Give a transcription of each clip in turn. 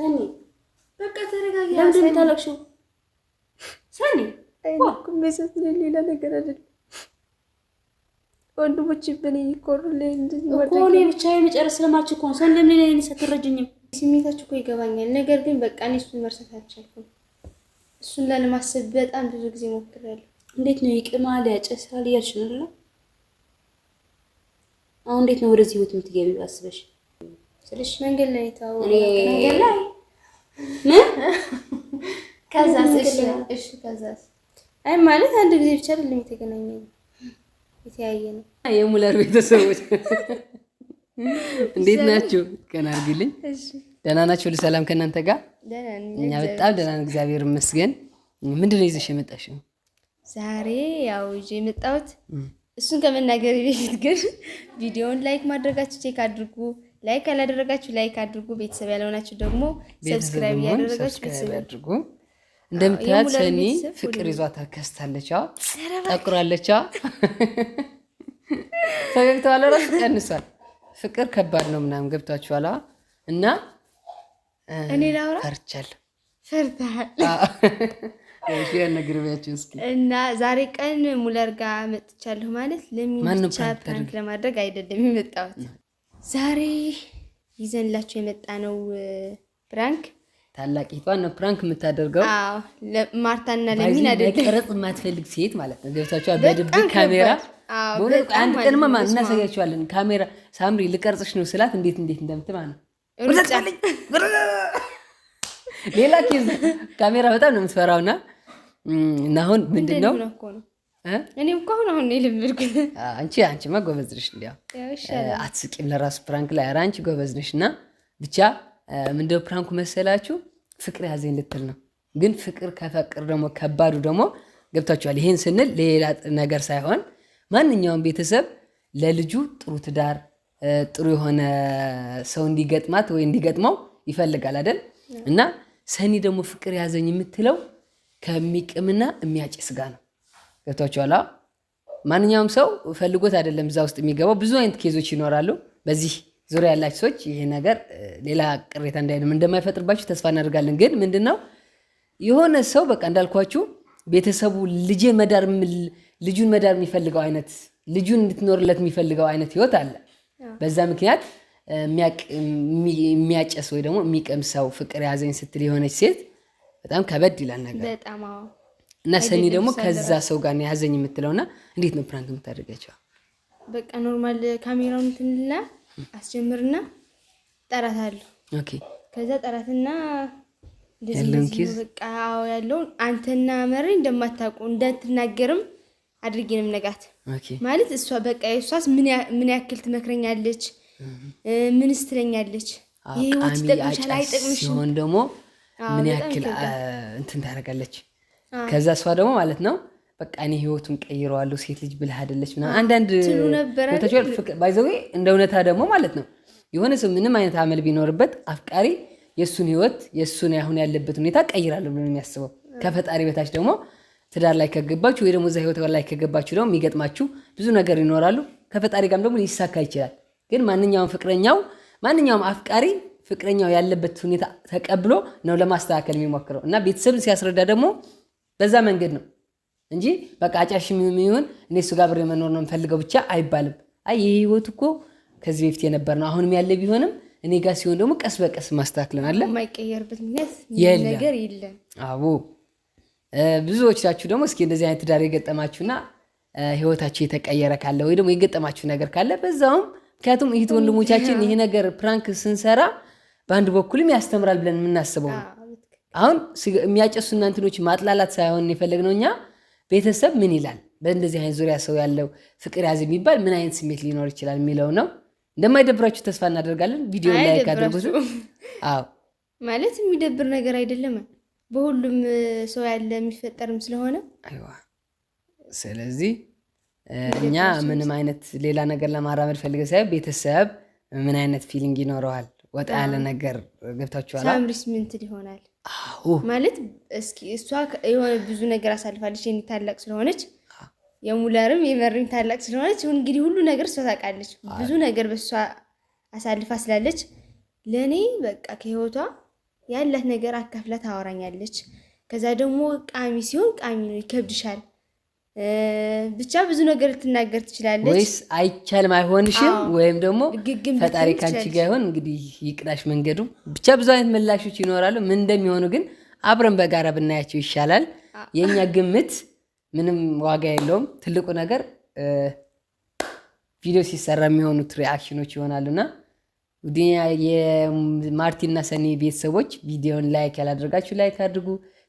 ሰኒ በቃ ተረጋጊ። ለምንድን ነው የምታለቅሺው? ሰኒ ሜሰት ሌላ ነገር አይደለም። ወንድሞች ብን ኮሩኮኔ ብቻ የመጨረስ ስለማች እኮ ሰን ሰኒ ለምን ሌላ ሳትረጅኝም? ስሜታችሁ እኮ ይገባኛል። ነገር ግን በቃ እኔ እሱን መርሳት አልቻልኩም። እሱን ላለማሰብ በጣም ብዙ ጊዜ ሞክሬያለሁ። እንዴት ነው ይቅማል፣ ያጨሳል እያልሽ ነው። አሁን እንዴት ነው ወደዚህ ህይወት የምትገቢው? አስበሽ ስልሽ መንገድ ላይ ታወ መንገድ ላይ ከዛስ? እሺ እሺ፣ ከዛስ? አይ ማለት አንድ ጊዜ ብቻ አይደለም የተገናኘነው ነው። የሙለር ቤተሰቦች እንዴት ናችሁ? ቀና አድርግልኝ። ደህና ናችሁ? ሁሉ ሰላም ከእናንተ ጋር? እኛ በጣም ደህና ነው፣ እግዚአብሔር ይመስገን። ምንድን ነው ይዘሽ የመጣሽው ዛሬ? ያው ይዤ የመጣሁት እሱን ከመናገር በፊት ግን ቪዲዮውን ላይክ ማድረጋችሁ ቼክ አድርጉ ላይክ ያላደረጋችሁ ላይክ አድርጉ። ቤተሰብ ያልሆናችሁ ደግሞ ሰብስክራይብ ያደረጋችሁ ቤተሰብ አድርጉ። እንደምታያት ሰኒ ፍቅር ይዟ አከስታለች። ጠቁራለች። ፈገግታዋል ራሱ ቀንሷል። ፍቅር ከባድ ነው ምናምን ገብቷችኋል። እና እኔ ላውራ ፈርቻለሁ። ፈርታል እና ዛሬ ቀን ሙለር ጋር መጥቻለሁ ማለት ለሚቻ ፕራንክ ለማድረግ አይደለም የመጣሁት ዛሬ ይዘንላችሁ የመጣ ነው ፕራንክ። ታላቂቷን ነው ፕራንክ የምታደርገው። ማርታና ለሚን አይደለም፣ ቀረጽ የማትፈልግ ሴት ማለት ነው። ገብታችሁ በድብቅ ካሜራ አንድ ቀንማ ማለት እናሳያችኋለን። ካሜራ ሳምሪ ልቀርጽሽ ነው ስላት እንዴት እንዴት እንደምትማ ነው ሌላ ኬዝ። ካሜራ በጣም ነው የምትፈራውና እና አሁን ምንድን ነው እኔ እኮ አሁን አሁን የለመድኩት። አንቺ አንቺማ ጎበዝ ነሽ፣ እንዲያው አትስቂም ለራሱ ፕራንክ ላይ። ኧረ አንቺ ጎበዝ ነሽ። እና ብቻ ምንድነው ፕራንኩ መሰላችሁ ፍቅር ያዘኝ ልትል ነው። ግን ፍቅር ከፈቅር ደግሞ ከባዱ ደግሞ ገብታችኋል። ይሄን ስንል ሌላ ነገር ሳይሆን ማንኛውም ቤተሰብ ለልጁ ጥሩ ትዳር ጥሩ የሆነ ሰው እንዲገጥማት ወይ እንዲገጥመው ይፈልጋል አይደል? እና ሰኒ ደግሞ ፍቅር ያዘኝ የምትለው ከሚቅምና የሚያጭስ ጋ ነው ገብቷችኋል? ማንኛውም ሰው ፈልጎት አይደለም እዛ ውስጥ የሚገባው። ብዙ አይነት ኬዞች ይኖራሉ። በዚህ ዙሪያ ያላችሁ ሰዎች ይሄ ነገር ሌላ ቅሬታ እንዳይንም እንደማይፈጥርባችሁ ተስፋ እናደርጋለን። ግን ምንድን ነው የሆነ ሰው በቃ እንዳልኳችሁ ቤተሰቡ ልጄ መዳር ልጁን መዳር የሚፈልገው አይነት ልጁን እንድትኖርለት የሚፈልገው አይነት ህይወት አለ። በዛ ምክንያት የሚያጨስ ወይ ደግሞ የሚቀምሰው ፍቅር ያዘኝ ስትል የሆነች ሴት በጣም ከበድ ይላል ነገር እና ሰኒ ደግሞ ከዛ ሰው ጋር ያዘኝ የምትለውና እንዴት ነው ፕራንክ የምታደርጋቸው? በቃ ኖርማል ካሜራውን ትንላ አስጀምርና ጠራት አለሁ። ከዛ ጠራትና በቃ ያለውን አንተና መሪ እንደማታውቁ እንደትናገርም አድርጌንም ነጋት ማለት እሷ በቃ እሷስ ምን ያክል ትመክረኛለች? ምን ስትለኛለች፣ ይህ ህይወት አይጠቅምሽ ሲሆን ደግሞ ምን ያክል እንትን ታደርጋለች? ከዛ እሷ ደግሞ ማለት ነው በቃ እኔ ህይወቱን ቀይረዋለሁ ሴት ልጅ ብልህ አደለች ምናምን አንዳንድ ባይዘዌ እንደ እውነታ ደግሞ ማለት ነው የሆነ ሰው ምንም አይነት አመል ቢኖርበት አፍቃሪ የእሱን ህይወት የእሱን አሁን ያለበት ሁኔታ ቀይራለሁ ብሎ የሚያስበው ከፈጣሪ በታች ደግሞ ትዳር ላይ ከገባችሁ ወይ ደግሞ እዛ ህይወት ላይ ከገባችሁ ደግሞ የሚገጥማችሁ ብዙ ነገር ይኖራሉ። ከፈጣሪ ጋርም ደግሞ ሊሳካ ይችላል። ግን ማንኛውም ፍቅረኛው ማንኛውም አፍቃሪ ፍቅረኛው ያለበት ሁኔታ ተቀብሎ ነው ለማስተካከል የሚሞክረው እና ቤተሰብን ሲያስረዳ ደግሞ በዛ መንገድ ነው እንጂ በቃ አጫሽ የሚሆን እኔ እሱ ጋር አብሬ መኖር ነው የምፈልገው ብቻ አይባልም። አይ ይህ ህይወት እኮ ከዚህ በፊት የነበር ነው አሁንም ያለ ቢሆንም እኔ ጋር ሲሆን ደግሞ ቀስ በቀስ ማስተካክለን አለ ነገር የለም። አዎ ብዙዎቻችሁ ደግሞ እስኪ እንደዚህ አይነት ትዳር የገጠማችሁና ህይወታችሁ የተቀየረ ካለ ወይ ደግሞ የገጠማችሁ ነገር ካለ በዛውም ምክንያቱም ይህት ወንድሞቻችን ይህ ነገር ፕራንክ ስንሰራ በአንድ በኩልም ያስተምራል ብለን የምናስበው ነው አሁን የሚያጨሱ እናንትኖች ማጥላላት ሳይሆን የፈለግነው እኛ ቤተሰብ ምን ይላል፣ በእንደዚህ አይነት ዙሪያ ሰው ያለው ፍቅር ያዝ የሚባል ምን አይነት ስሜት ሊኖር ይችላል የሚለው ነው። እንደማይደብራችሁ ተስፋ እናደርጋለን። ቪዲዮ ላይ ካደረጉት አዎ፣ ማለት የሚደብር ነገር አይደለም፣ በሁሉም ሰው ያለ የሚፈጠርም ስለሆነ አይዋ። ስለዚህ እኛ ምንም አይነት ሌላ ነገር ለማራመድ ፈልገ ሳይሆን ቤተሰብ ምን አይነት ፊሊንግ ይኖረዋል፣ ወጣ ያለ ነገር ገብታችኋል። ሳምሪስ ምንትል ይሆናል ማለት እስኪ እሷ የሆነ ብዙ ነገር አሳልፋለች። የኔ ታላቅ ስለሆነች የሙለርም የመሪም ታላቅ ስለሆነች እንግዲህ ሁሉ ነገር እሷ ታውቃለች። ብዙ ነገር በእሷ አሳልፋ ስላለች ለእኔ በቃ ከህይወቷ ያላት ነገር አካፍላ ታወራኛለች። ከዛ ደግሞ ቃሚ ሲሆን ቃሚ ነው ይከብድሻል ብቻ ብዙ ነገር ልትናገር ትችላለች። ወይስ አይቻልም አይሆንሽም፣ ወይም ደግሞ ፈጣሪ ካንቺ ጋር ይሆን እንግዲህ ይቅዳሽ መንገዱ። ብቻ ብዙ አይነት ምላሾች ይኖራሉ። ምን እንደሚሆኑ ግን አብረን በጋራ ብናያቸው ይሻላል። የእኛ ግምት ምንም ዋጋ የለውም። ትልቁ ነገር ቪዲዮ ሲሰራ የሚሆኑት ሪአክሽኖች ይሆናሉና የማርቲና ሰኒ ቤተሰቦች ቪዲዮን ላይክ ያላደረጋችሁ ላይክ አድርጉ።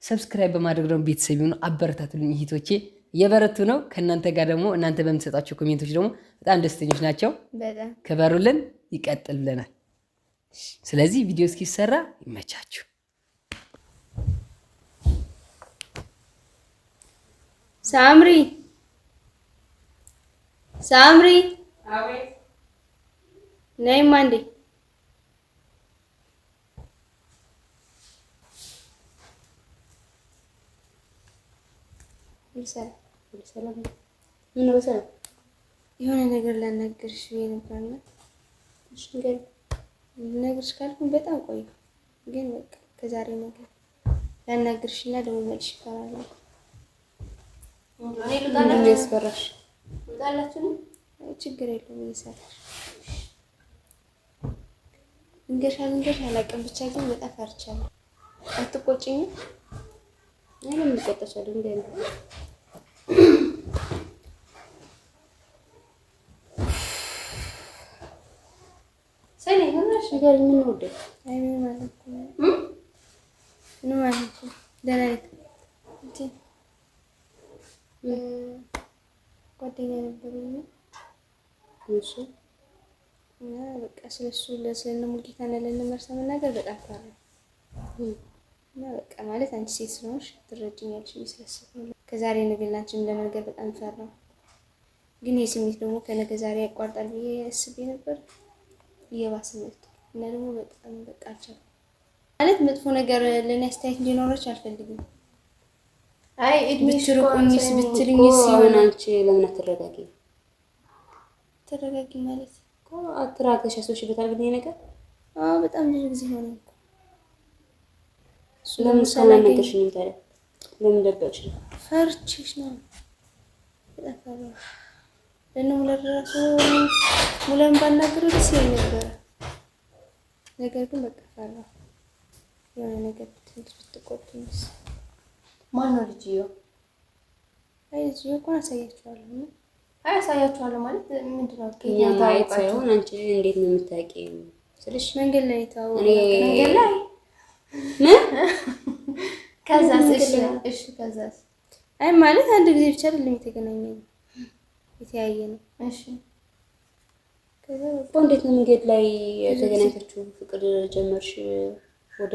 ሰብስክራይብ በማድረግ ደግሞ ቤተሰብ ሆኑ አበረታቱልኝ እህቶቼ። እየበረቱ ነው። ከእናንተ ጋር ደግሞ እናንተ በምትሰጣቸው ኮሜንቶች ደግሞ በጣም ደስተኞች ናቸው። ከበሩልን ይቀጥልልናል። ስለዚህ ቪዲዮ እስኪሰራ ይመቻችሁ። ሳምሪ ሳምሪ ነይማ እንዴ ይሰራ ሰላም ምን ነው የሆነ ነገር ላናገርሽ የነበርና እሺ ነገር ልነግርሽ ካልኩኝ በጣም ቆየ ግን በቃ ከዛሬ ነገር ላናግርሽ እና ደግሞ መልሽ ይፈራል ያስፈራሽ ችግር የለውም ይሰራል እንገሻ እንገሻ አላውቅም ብቻ ግን በጣም ፈርቻለሁ አትቆጭኝም አይደል የምቆጣሽ አይደል ጓደኛ ነበረኝ። እሺ እና በቃ ስለሱ ለስለነ ሙልጌታ እና ለነመርሳ መናገር በጣም ፈራ እና በቃ ማለት አንቺ ሴት ስለሆንሽ ትረጅኛለሽ ስለሰፈ ከዛሬ ነገር ላንቺ ለመንገር በጣም ፈራ። ግን ይህ ስሜት ደግሞ ከነገ ዛሬ ያቋርጣል ብዬ አስቤ ነበር። እየባሰ መጥቷል እና ደግሞ በጣም በቃ አልቻልኩም ማለት መጥፎ ነገር ለእኔ አስተያየት እንዲኖረች አልፈልግም። አይ እድሜሽ ብትልኝስ አንቺ ለምን አትረጋጊ? ተረጋጊ ማለት እኮ አትራገሽ። ግን ነገር አዎ፣ በጣም ብዙ ጊዜ ሆነ ታዲያ ለምን ደበቅሽ? ነው በጣም ሙለን ባናገረው ደስ ነገር ግን በቃ ፈራሁ። የሆነ ነገር ብትቆጡኝስ? ማን ነው ልጅየው? አይ ልጅየው እኮ አሳያችኋለሁ። አይ አሳያችኋለሁ ማለት ምንድን ነው? ሳይሆን አንቺ እንዴት ነው የምታውቂው ስልሽ መንገድ ላይ ታው መንገድ ላይ ምን ከዛስ? እሺ እሺ ከዛስ? አይ ማለት አንድ ጊዜ ብቻ አይደለም የተገናኘ ነው የተያየ ነው። እሺ እንዴት ነው መንገድ ላይ ተገናኝታችሁ ፍቅር ጀመርሽ? ወደ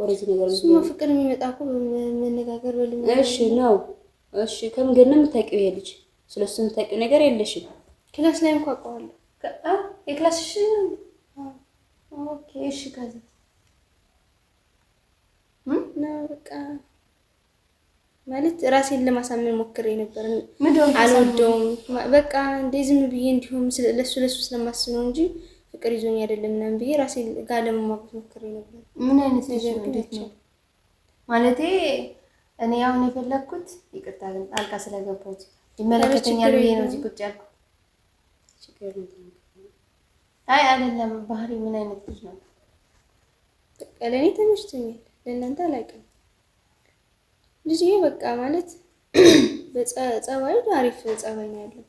ወደዚህ ነገር ነው ፍቅር የሚመጣ እኮ መነጋገር እሺ ነው እሺ። ከመንገድ ነው የምታውቂው? ይሄ ልጅ ስለሱ የምታውቂው ነገር የለሽም? ክላስ ላይ እንኳን አውቀዋለሁ። የክላስ ኦኬ፣ እሺ። ከዛ ነው በቃ ማለት ራሴን ለማሳመን ሞክሬ ነበር። አልወደውም በቃ እንደ ዝም ብዬ እንዲሁም ለሱ ለሱ ስለማስብ ነው እንጂ ፍቅር ይዞኝ አይደለም ምናምን ብዬ ራሴ ጋር ለመማገት ሞክሬ ነበር። ምን አይነት ነገር ነው ማለት እኔ አሁን የፈለግኩት ይቅርታ ጣልቃ ስለገባች ይመለከተኛል ብዬ ነው እዚህ ቁጭ ያልኩት። አይ አይደለም ባህሪ ምን አይነት ልጅ ነው? በቃ ለእኔ ተመችቶኛል፣ ለእናንተ አላውቅም ልጅ በቃ ማለት ጸባዩ አሪፍ ጸባይ ነው ያለው።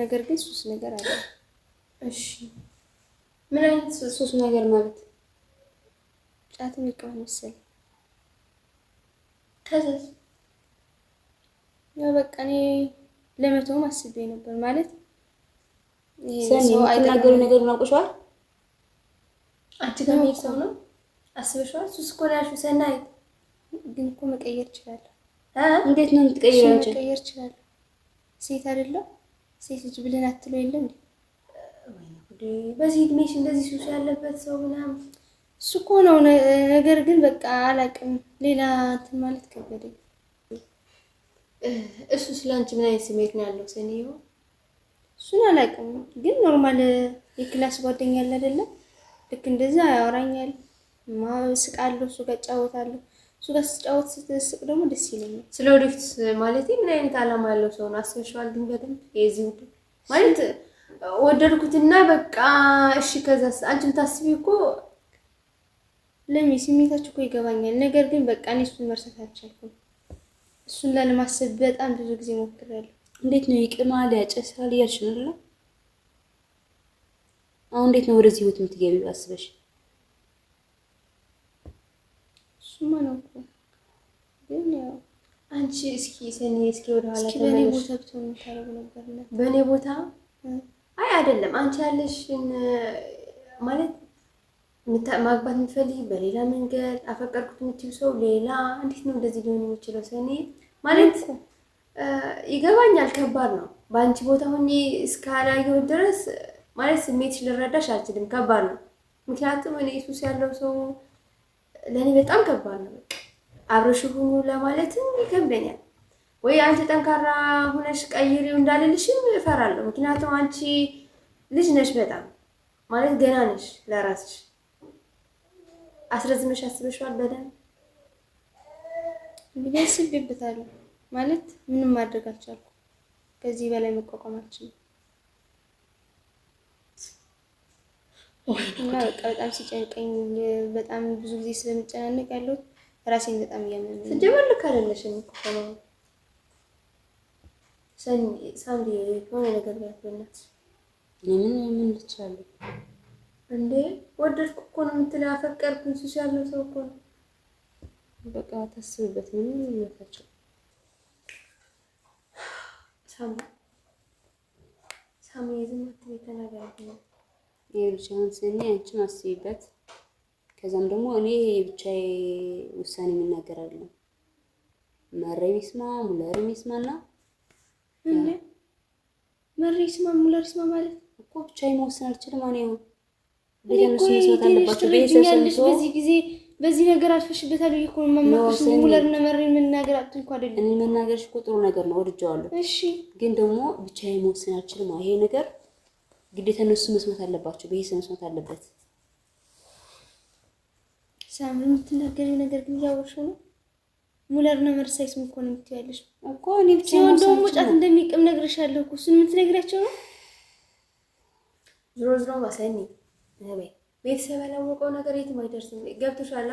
ነገር ግን ሶስት ነገር አለ። እሺ ምን አይነት ሶስት ነገር ማለት? ጫት የሚቀማ መሰለኝ። ከዚህ ያው በቃ እኔ ለመተውም አስቤ ነበር ማለት ሰው አይናገሩ ነገር ናውቀሽዋል። አንቺ ጋር ነው አስበሽዋል። ሱስ እኮ ነው ያልሽው። ሰናይት ግን እኮ መቀየር ይችላል እንዴት ነው የምትቀይረው? አንቺ ቀየር ይችላል። ሴት አይደለም ሴት ልጅ ብለን አትለው የለም በዚህ እድሜሽ እንደዚህ ሱስ ያለበት ሰው ምናምን እሱ እኮ ነው። ነገር ግን በቃ አላውቅም፣ ሌላ እንትን ማለት ከበደኝ። እሱ ስለ ምን አይነት ስሜት ነው ያለው? ሰኔ ይሆን እሱን አላውቅም፣ ግን ኖርማል የክላስ ጓደኛ ያለ አይደለም። ልክ እንደዛ ያወራኛል፣ ስቃለሁ፣ እሱ ጋር እጫወታለሁ። እሱ ስጫወት ስትስቅ ደግሞ ደስ ይለኛል። ስለ ወደፊት ማለት ምን አይነት አላማ ያለው ሰው ነው አስበሽዋል? ግን በደንብ የዚህ ማለት ወደድኩትና በቃ እሺ። ከዛ አንቺም ታስቢ እኮ ለሚ ስሜታችሁ እኮ ይገባኛል። ነገር ግን በቃ እኔ እሱን መርሳት አልቻልኩም። እሱን ላለማሰብ በጣም ብዙ ጊዜ ሞክሬያለሁ። እንዴት ነው ይቅማል፣ ያጨሳል እያልሽ ነው አሁን እንዴት ነው ወደዚህ ህይወት የምትገቢው አስበሽ እሱማ ነው እኮ ግን ያው አንቺ እስኪ ሰኒ እስኪ ወደ ኋላ በእኔ ቦታ ብትሆን የምታደርጉ ነበር። በእኔ ቦታ አይ አይደለም። አንቺ ያለሽን ማለት ማግባት የምትፈልጊ በሌላ መንገድ አፈቀርኩት የምትይው ሰው ሌላ። እንዴት ነው እንደዚህ ሊሆን የሚችለው? ሰኒ ማለት ይገባኛል፣ ከባድ ነው። በአንቺ ቦታ ሆኜ እስካላየሁት ድረስ ማለት ስሜትሽ ልረዳሽ አልችልም፣ ከባድ ነው። ምክንያቱም እኔ ሱስ ያለው ሰው ለእኔ በጣም ከባድ ነው። በቃ አብረሽ ሁኑ ለማለትም ይከብደኛል። ወይ አንቺ ጠንካራ ሁነሽ ቀይሪው እንዳልልሽም እፈራለሁ። ምክንያቱም አንቺ ልጅ ነሽ፣ በጣም ማለት ገና ነሽ። ለራስሽ አስረዝመሽ አስበሽዋል በደንብ እንግዲህ አስቤበታለሁ። ማለት ምንም ማድረግ አልቻልኩም። ከዚህ በላይ መቋቋማችን እና በቃ በጣም ሲጨንቀኝ በጣም ብዙ ጊዜ ስለምጨናነቅ ያለሁት ራሴን በጣም እያመመኝ ነው። ስጀመር ልክ አይደለሽም እኮ ሳንዲ የሆነ ነገር ላይ አትበላት። ምን ምን ልቻለሁ እንዴ? ወደድኩ እኮ ነው የምትለው። አፈቀርኩ ሱስ ያለው ሰው እኮ ነው። በቃ ታስብበት። ምን ይመታቸው ሳሙ ሳሙ የዝም አትበይ፣ ተናገር የብቻውን ስኒ አንቺም አስቢበት። ከዛም ደግሞ እኔ የብቻ ውሳኔ የምናገር አለ መሬ ሚስማ ሙለር ሚስማና እንዴ መሬ ይስማ ሙለር ማለት እኮ ብቻ መወሰን አልችልም። እኔ በዚህ ጊዜ በዚህ ነገር አልፈሽበታል ብዬሽ እኮ መማከሽ ሙለር እና መሬ መናገር አጥቶ እንኳን አይደለም። እኔ መናገርሽ እኮ ጥሩ ነገር ነው፣ ወድጀዋለሁ። እሺ ግን ደግሞ ብቻ መወሰን አልችልም ይሄ ነገር ግዴታ እነሱ መስማት አለባቸው። በሂስ መስማት አለበት። ሳምሪ የምትናገሪ ነገር ግን እያወቅሽው ነው። ሙለር ነው መርሳይስ እኮ ነው የምትያለሽ እኮ እኔ ብቻ ነው ደሞ ጫት እንደሚቅም ነግሬሻለሁ እኮ እሱን የምትነግሪያቸው ነው። ዝሮ ዝሮ ባሰኒ ነበይ ቤተሰብ ያላወቀው ነገር የትም አይደርስም። ገብቶሻላ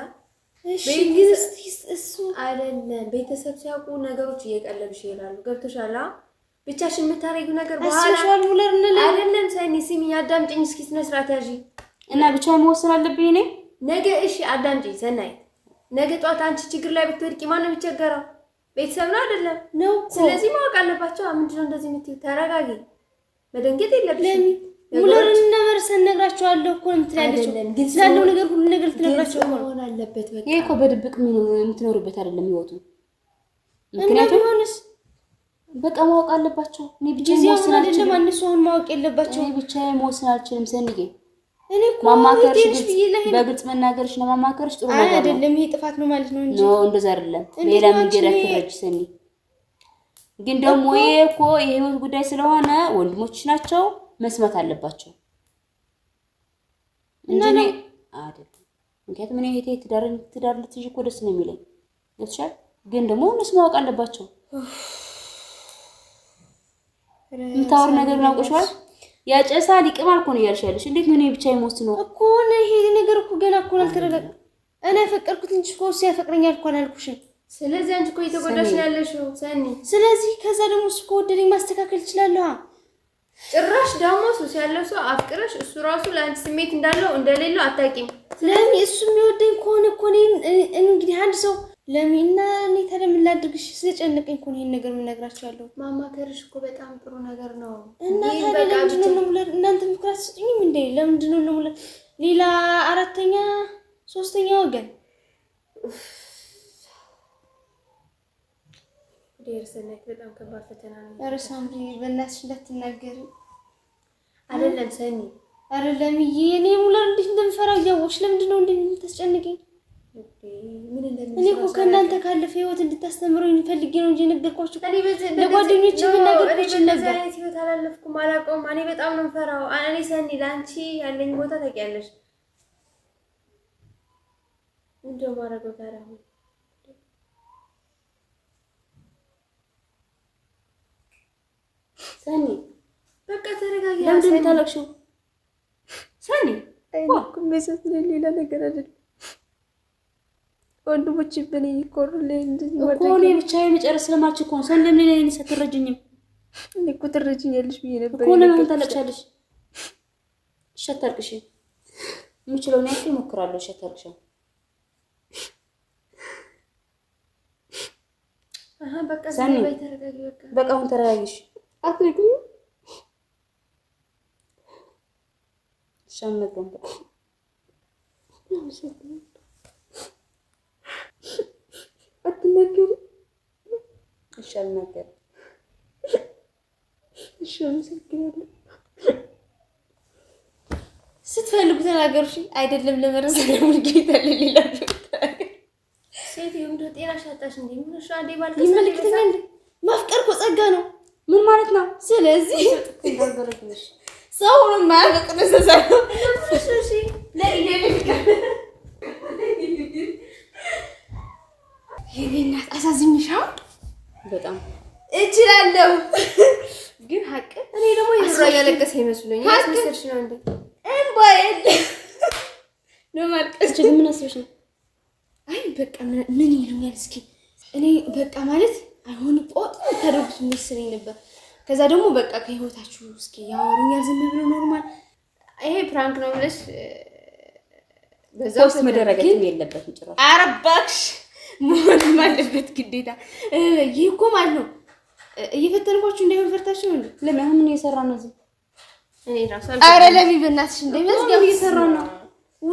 እሺ እሱ አይደለም ቤተሰብ ሲያውቁ ነገሮች እየቀለብሽ ይላሉ። ገብቶሻላ ብቻሽ የምታረጊው ነገር በኋላ አይደለም። ሳይኒ ስሚኝ፣ አዳምጪኝ እስኪ ስነ ስርዓት ያዥ እና ብቻ መወሰን አለብኝ እኔ ነገ። እሺ አዳምጪኝ ሰናይ፣ ነገ ጠዋት አንቺ ችግር ላይ ብትወድቂ ማነው የሚቸገረው? ቤተሰብ ነው አይደለም ነው። ስለዚህ ማወቅ አለባቸው። ምንድን እንደዚህ የምትይው? ተረጋጊ፣ መደንገጥ የለብሽም። ሙለርን እና መርሰን እነግራቸዋለሁ እኮ የምትላለች ግን ስላለው ነገር ሁሉ ነገር ልትነግራቸው ሆን አለበት። በቃ ይሄ እኮ በድብቅ የምትኖርበት አይደለም ህይወቱ ምክንያቱም በቃ ማወቅ አለባቸው። እኔ ብቻዬን መወስን አልችልም። አንሱ አሁን ማወቅ የለባቸው። እኔ ብቻዬን መወስን አልችልም። ሰንጌ ማማከርሽ፣ በግልጽ መናገርሽ ነው ማማከርሽ ጥሩ ነገር አይደለም። ይሄ ጥፋት ነው ማለት ነው እንጂ ነው እንደዛ አይደለም። ሌላ መንገድ አትረጅ ሰኒ። ግን ደግሞ ይሄ እኮ የህይወት ጉዳይ ስለሆነ ወንድሞች ናቸው መስማት አለባቸው እንጂ እኔ አይደለም። ምክንያቱም እኔ እህቴ ትዳር ትዳር ልትይዥ እኮ ደስ ነው የሚለኝ ገብቶሻል። ግን ደግሞ እነሱ ማወቅ አለባቸው። የምታወር ነገር ናውቀሽዋል። ያጨሳል፣ ይቅማል እኮ ነው እያልሻለሽ። እንዴት ነው እኔ ይሞት ነው እኮ ነው? ይሄ ነገር እኮ ገና እኮ አልተረጋገ እኔ ያፈቀርኩት እንጂ እኮ እሱ ያፈቅረኛል እኮ አላልኩሽም። ስለዚህ አንቺ እኮ እየተጎዳሽ ነው ያለሽው ሰኒ። ስለዚህ ከዛ ደግሞ እሱ ከወደደኝ ማስተካከል እችላለሁ። ጭራሽ ደግሞ እሱ ያለው ሰው አፍቅረሽ እሱ ራሱ ለአንቺ ስሜት እንዳለው እንደሌለው አታውቂም። ስለዚህ እሱ የሚወደኝ ከሆነ እኮ እኔ እንግዲህ አንድ ሰው ለሚና እኔ ታዲያ ምን ላድርግሽ? ስለጨነቀኝ እኮ ይሄን ነገር የምነግራቸው ያለው። ማማከርሽ እኮ በጣም ጥሩ ነገር ነው እና ታዲያ ለምንድን ነው እናንተ ምክራት ስጡኝም እንዴ? ለምንድን ነው ሌላ አራተኛ ሶስተኛ ወገን በጣም ከባድ ፈተና ነው። ኧረ ሳምሪ በእናትሽ እንዳትናገሪ። አይደለም ሰኒ፣ ኧረ ለምዬ እኔ ሙላ እንዴት እንደምፈራው እያወቅሽ ለምንድን ነው እንደምታስጨንቅኝ? እኔ እኮ ከእናንተ ካለፈ ህይወት እንድታስተምሩኝ ፈልጌ ነው እንጂ የነገርኳችሁ። ለጓደኞች የምናገር ይችል ነበር። ህይወት አላለፍኩም፣ አላውቀውም። እኔ በጣም ነው የምፈራው። እኔ ሰኒ ለአንቺ ያለኝ ቦታ ታውቂያለሽ። እንደው ማረገ ጋር አሁን ሰኒ በቃ ተረጋጊ። ለምንድን ነው የምታለቅሽው ሰኒ? ሌላ ነገር አይደለም ወንድሞች ብን ይኮሩልኮኔ ብቻ የመጨረስ ስለማልችል እኮ ሰው እንደምን ሌላ ይነሳ ትረጅኝም እኮ ትረጅኛለሽ ብዬ ነበር እኮ። ለምን ታለቅሻለሽ? እሺ የምችለውን ያክል እሞክራለሁ። እሺ አታልቅሽ። በቃ አሁን ተረጋጊሽ። አትልቅኝ ሻነገንበ ነገር እሺ፣ ስትፈልጉ ተናገሩ። እሺ፣ አይደለም ለመረሰ ለሙልጌታ ሴት ምን ማፍቀር እኮ ጸጋ ነው። ምን ማለት ነው? ስለዚህ ሰው ሁሉ ማያውቅ ነው። ይሄ እናት አሳዝኝሻ በጣም እችላለሁ ግን ሀቅ እኔ ደግሞ ይዝራ ያለቀሰ ይመስሉኝ አስመስልሽ ነው እንዴ? እንባየል ነው ማልቀስ ምን አስበሽ ነው? አይ በቃ ምን ይሉኛል እስኪ እኔ በቃ ማለት አይሆን ቆጥ ታደርጉት መስለኝ ነበር። ከዛ ደግሞ በቃ ከህይወታችሁ እስኪ ያወሩኛል ዝም ብሎ ኖርማል ይሄ ፕራንክ ነው ብለሽ በዛው መደረገትም የለበትም ጭራሽ። ኧረ መሆንም አለበት ግዴታ። ይህ እኮ ማለት ነው እየፈተንኳችሁ እንዳይሆን ፈርታችሁ ነው። ለምን አሁን እየሰራ ነው እዚህ? አረ ለሚ በእናትሽ እንደሚመስገን እየሰራ ነው።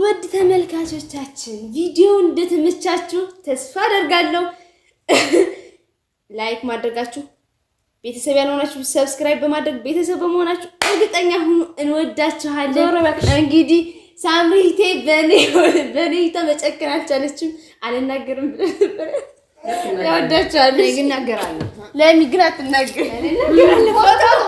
ውድ ተመልካቾቻችን ቪዲዮ እንደተመቻችሁ ተስፋ አደርጋለሁ። ላይክ ማድረጋችሁ ቤተሰብ ያልሆናችሁ ሰብስክራይብ በማድረግ ቤተሰብ በመሆናችሁ እርግጠኛ ሁኑ። እንወዳችኋለን። እንግዲህ ሳምሪቴ በኔ በኔ ተመጨክናለች። አልናገርም ብለህ ነበረ። ያወዳቸዋለሁ አትናገር